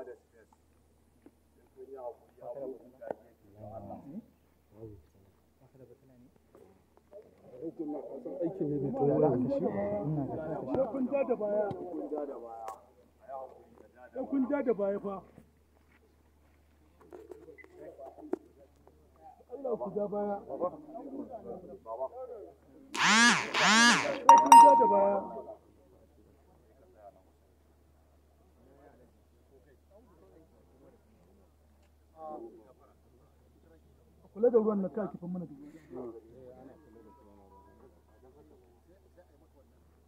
zama Allah ne ja da baya da Allah ku ja da baya kula da ruwan na ka kifin mana da ruwa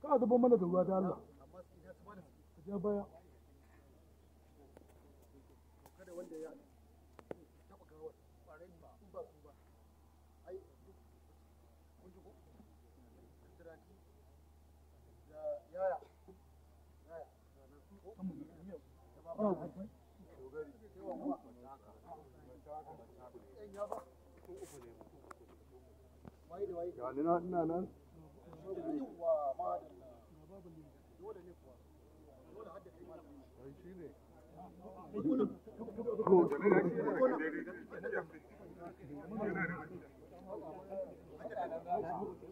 ka zuba mana da ruwa da Allah ja baya kada wanda ya taba gawar da ga ni nan Thank you.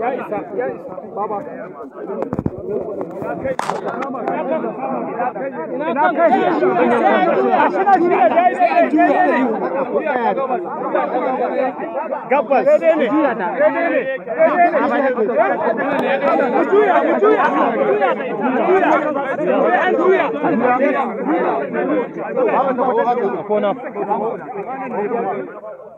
ya isa ya isa baba gabbas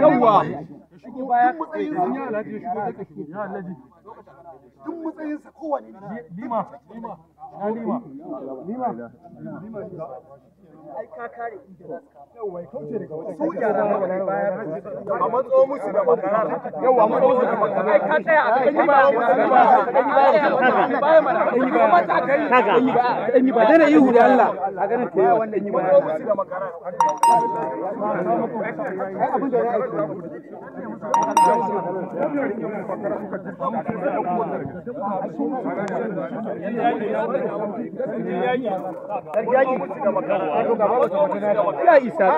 yawwa duk matsayinsa kowane ne Na lima. Lima. Lima a yi yi A yi yi ya isa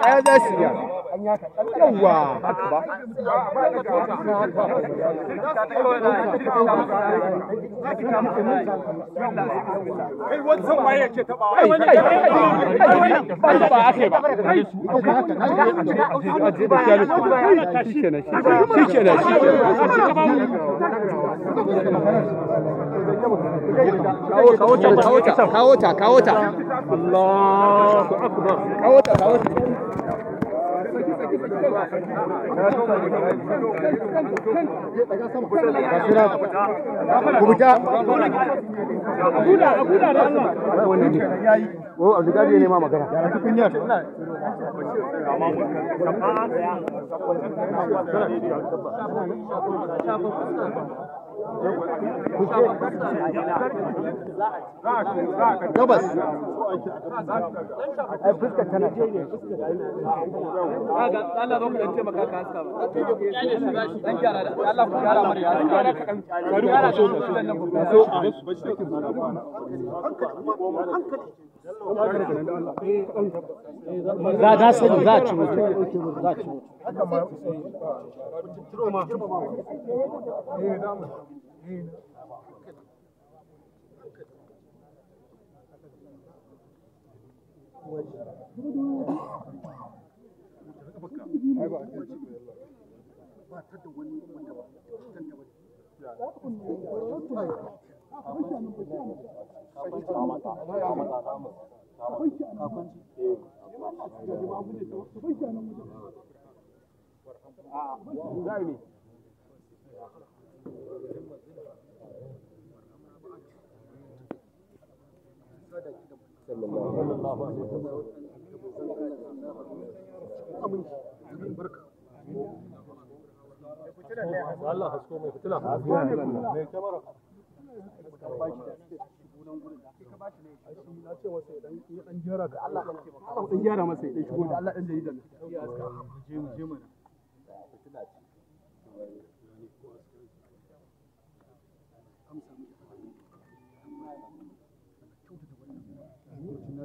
ɗaya kawo kawo ta kawo ta kawo ta magana. لا بس لا لا ba a da wani Allah hasko mai fitila. Hasko mai fitila. Mai kyamara. Na ce masa idan ya dan jera ga Allah dan dan jera masa ya shigo da Allah dan jarida ne. Je mu je mu. Fitila ce.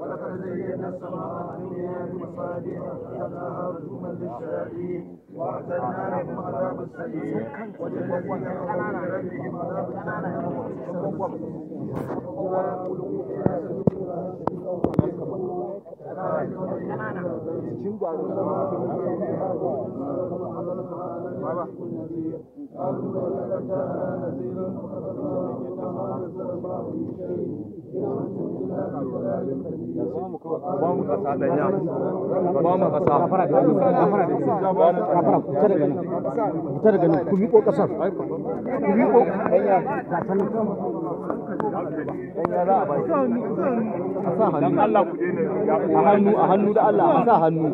ولقد زينا السماء الدنيا بمصابيح وخلقناها رجوما للشياطين واعتدنا لهم عذاب السعير وللذين كفروا بربهم عذاب جهنم وبئس المصير cikin garin baba ba mu kasa danya ba mu kasa kafara da wani kafara da wani kafara fita daga nan fita daga nan ku miƙo ƙasar ku miƙo a hannu a hannu da Allah a sa hannu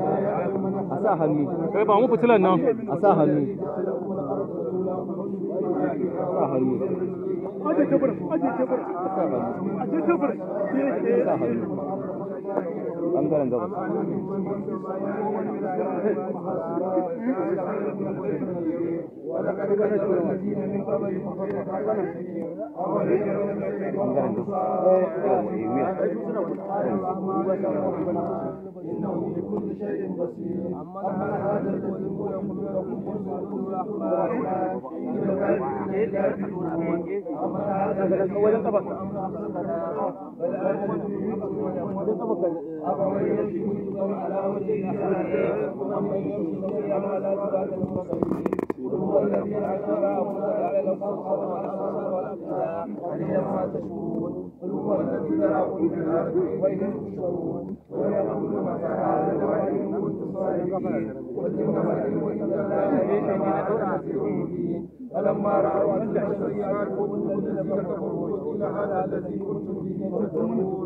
a sa hannu kai ba mu fitilan nan a sa hannu a sa hannu aje aje aje bangaren gabas bangaren gabas إنه بكل شيء بصير أما هذا الذي يقول لكم قل الرحمن أما هذا الذي يقول لكم بل أنتم فمن يمشي مستوى على وجهه حاليا ومن يمشي مستوى على صراط المستقيم وهو الذي أنعم على الخلق والأبصار والأفئدة قليلا ما تشكرون قل هو الذي ذراكم في الأرض وإليه تشرون ويقول متى هذا الوعد كنتم صادقين قل إنما العلم عند الله وأنا مبين فلما رأوا أن السيئات قلوب الذين كفروا إلى هذا الذي كنتم به تدعون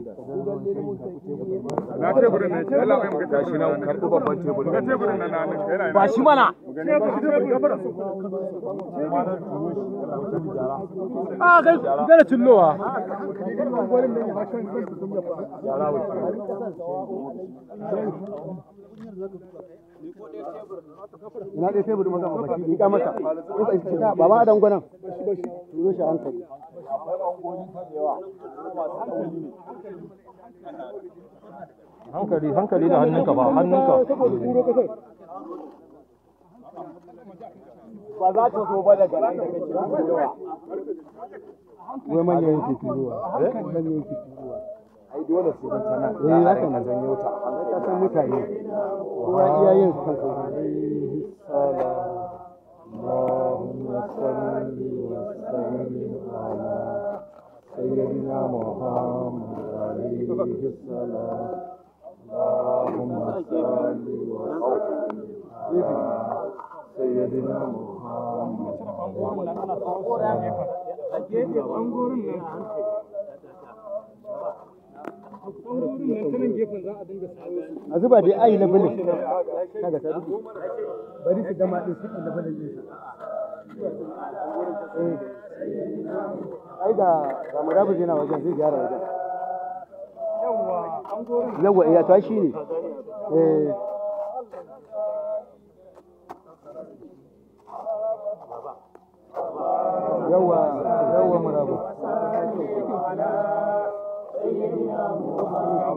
na teburin nan ce Allah bai muka tashi nan karɓi babban teburin teburin nan nan yana ba shi mana a ah, kai tullowa ah, yara wuce ina sai budu maza a baki riƙa masa in ka iska ba ma a dangwanan turo shi hankali hankali hankali da hannunka ba hannunka ba za ta so ba daga nan daga cikin ruwa wai manyan yanki ruwa eh? manyan yanki ruwa ai dole su rinta nan ne ya janyo ta ka san mutane kuma iyayen kan su alaihi ala sayyidina Muhammad alaihi salam Allahumma salli wa sallim ala sayyidina Muhammad alaihi salam a a zuba dai ayi labulin kaga ta dubu bari su gama din suke labulin ne eh. ai da ramarabu yana wajen zai gyara wajen yawwa ya ta shi ne eh yawwa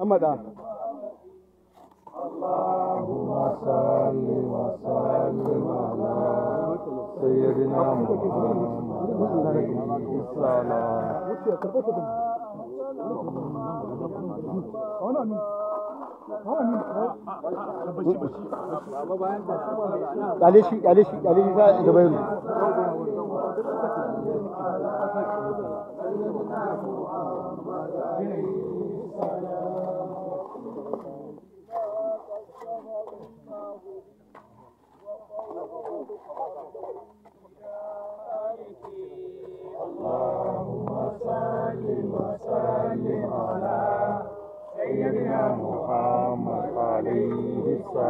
Ama daha. Allahumma salli ve sellim ala seyyidina Muhammed. Yerleşik, yerleşik, yerleşik arabayı Thank you. اللهم صل وسلم على سيدنا محمد عليه السلام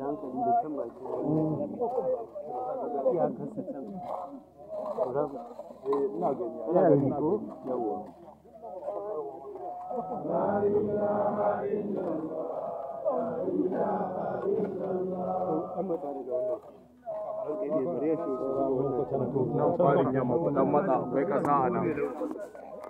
da hankali da can baki ya kasa can ina gani gani ko La ilaha illallah La ilaha illallah da wannan yamma, matsa, akwai a nan.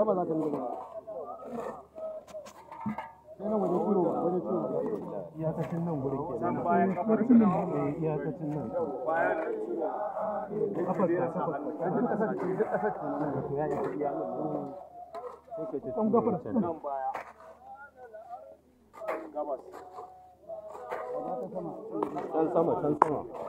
sama za ta yi gaba nan iyakacin nan eh, kafar kafar ta kafar ta ta kafar ta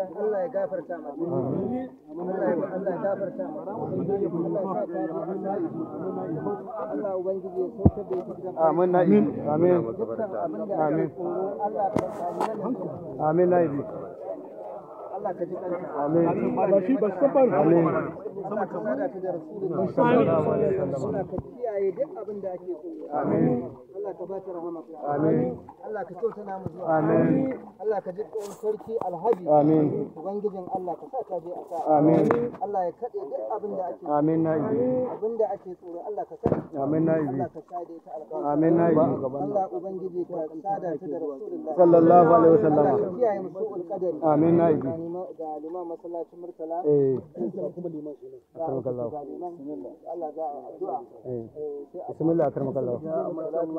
Allah ya gafarta Allah ya Allah amin amin amin amin amin amin amin duk abin ake so amin Allah ka bata rahama amin Allah ka kyauta na amin Allah ka sarki alhaji amin ubangijin Allah ka je a sa amin Allah ya duk abin da ake amin na abin da ake tsoro Allah ka amin na Allah ka kade ta alƙawari amin na Allah ubangiji ka sada ta da rasulullahi sallallahu alaihi wasallam ka kiyaye musu alƙadari amin na ga masallacin murtala eh kuma liman shi ne akramakallahu Allah addu'a eh bismillah akramakallahu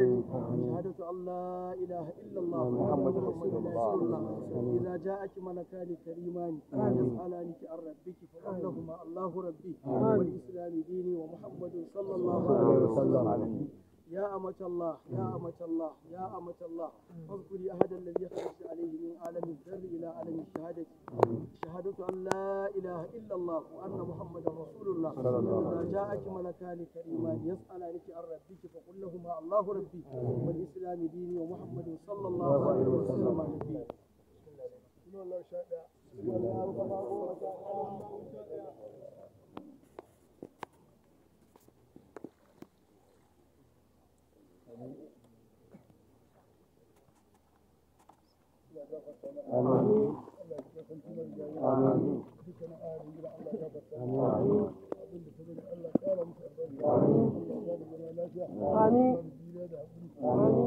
العالمين شهادة أن لا إله إلا الله محمد رسول الله إذا جاءك ملكان كريمان يسألانك عن ربك فقل لهما الله ربي والإسلام ديني ومحمد صلى الله عليه وسلم يا أمة الله يا أمة الله يا أمة الله فاذكري أحد الذي خرجت عليه من عالم الذر إلى عالم الشهادة شهادة أن لا إله إلا الله وأن محمدا رسول الله إذا جاءك ملكان كريمان يسألانك عن ربك فقل لهما الله ربي والإسلام ديني ومحمد صلى الله عليه وسلم نبي بسم الله الرحمن الرحيم آمين آمين آمين آمين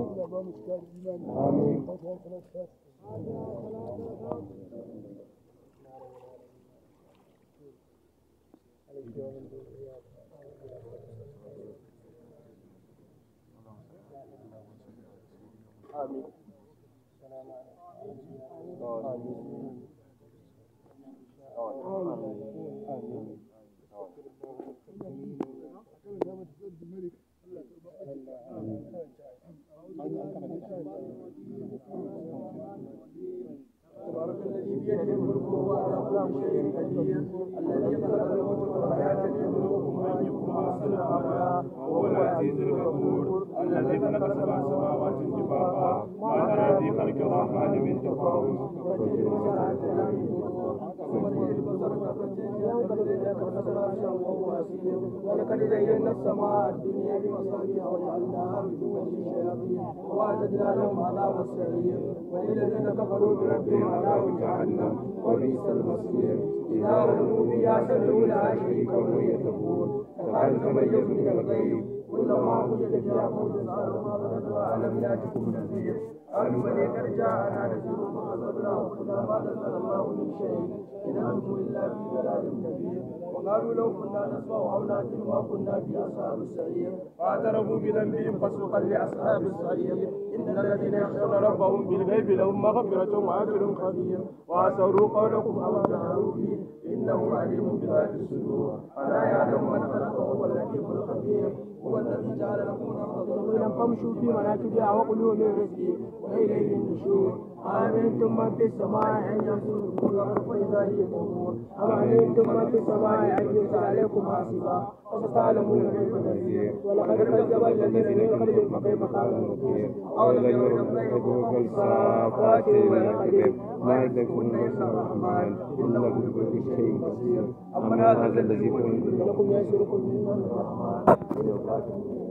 آمين Thank you. ولقد زينا السماء الدنيا بمصابيح وجعلناها رجوما للشياطين واعتدنا لهم عذاب السعير وللذين كفروا بربهم عذاب جهنم وبئس المصير إذا ظلموا بها سمعوا لها شريكا وهي تقول كذلك من الغيب الغيب كلما وجد فيها قوم سألوا ما ظننتها ألم يأتكم نذير قالوا بل قد جاءنا نذير فكذبنا وقلنا ما نزل الله من شيء إن أنتم إلا في ضلال كبير وقالوا لو كنا نسمع أو نأكل ما كنا في أصحاب السعير فاعترفوا بذنبهم فسوقا لأصحاب السعير إن الذين يخشون ربهم بالغيب لهم مغفرة وأجر كبير وأسروا قولكم أو جهروا به إنه عليم بذات الصدور الا يعلم من خلقه هو الخبير هو الذي جعل لكم الارض فامشوا في مناكبها وكلوا من رزقه واليه النشور امنتم من في السماء ان يمسككم الارض فاذا هي تمور ام امنتم من في السماء ان يرسل عليكم حاصبا فستعلمون كيف نذير ولقد كذب الذين من قبلهم فكيف كانوا نذير اولم يروا نبيكم في الصافات والمناكب ما يدركون من الرحمن انه بكل شيء بصير امن هذا الذي كنتم لكم يسركم من الرحمن 기도하겠습니다.